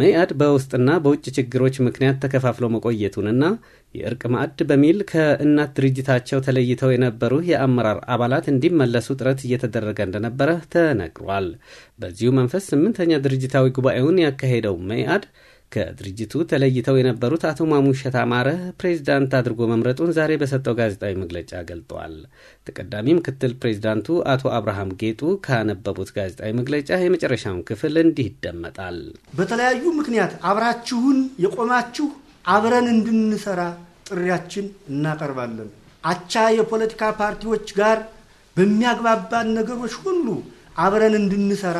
መኢአድ በውስጥና በውጭ ችግሮች ምክንያት ተከፋፍሎ መቆየቱንና የእርቅ ማዕድ በሚል ከእናት ድርጅታቸው ተለይተው የነበሩ የአመራር አባላት እንዲመለሱ ጥረት እየተደረገ እንደነበረ ተነግሯል። በዚሁ መንፈስ ስምንተኛ ድርጅታዊ ጉባኤውን ያካሄደው መኢአድ ከድርጅቱ ተለይተው የነበሩት አቶ ማሙሸት አማረ ፕሬዚዳንት አድርጎ መምረጡን ዛሬ በሰጠው ጋዜጣዊ መግለጫ ገልጠዋል። ተቀዳሚ ምክትል ፕሬዚዳንቱ አቶ አብርሃም ጌጡ ካነበቡት ጋዜጣዊ መግለጫ የመጨረሻውን ክፍል እንዲህ ይደመጣል። በተለያዩ ምክንያት አብራችሁን የቆማችሁ አብረን እንድንሰራ ጥሪያችን እናቀርባለን። አቻ የፖለቲካ ፓርቲዎች ጋር በሚያግባባን ነገሮች ሁሉ አብረን እንድንሰራ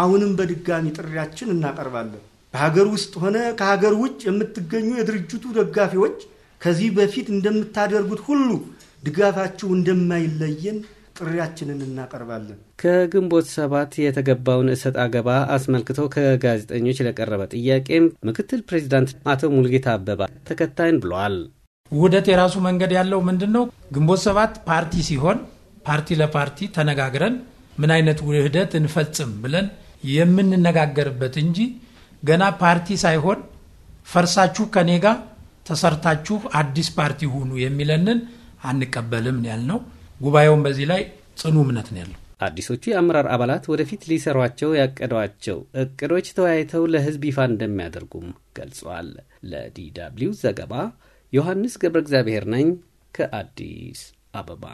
አሁንም በድጋሚ ጥሪያችን እናቀርባለን። በሀገር ውስጥ ሆነ ከሀገር ውጭ የምትገኙ የድርጅቱ ደጋፊዎች ከዚህ በፊት እንደምታደርጉት ሁሉ ድጋፋችሁ እንደማይለየን ጥሪያችንን እናቀርባለን። ከግንቦት ሰባት የተገባውን እሰጥ አገባ አስመልክቶ ከጋዜጠኞች ለቀረበ ጥያቄም ምክትል ፕሬዚዳንት አቶ ሙልጌታ አበባ ተከታይን ብለዋል። ውህደት የራሱ መንገድ ያለው ምንድን ነው? ግንቦት ሰባት ፓርቲ ሲሆን ፓርቲ ለፓርቲ ተነጋግረን ምን አይነት ውህደት እንፈጽም ብለን የምንነጋገርበት እንጂ ገና ፓርቲ ሳይሆን ፈርሳችሁ ከኔ ጋር ተሰርታችሁ አዲስ ፓርቲ ሁኑ የሚለንን አንቀበልም ነው። ጉባኤውን በዚህ ላይ ጽኑ እምነት ነው ያለው። አዲሶቹ የአመራር አባላት ወደፊት ሊሰሯቸው ያቀዷቸው እቅዶች ተወያይተው ለሕዝብ ይፋ እንደሚያደርጉም ገልጿል። ለዲደብሊው ዘገባ ዮሐንስ ገብረ እግዚአብሔር ነኝ ከአዲስ አበባ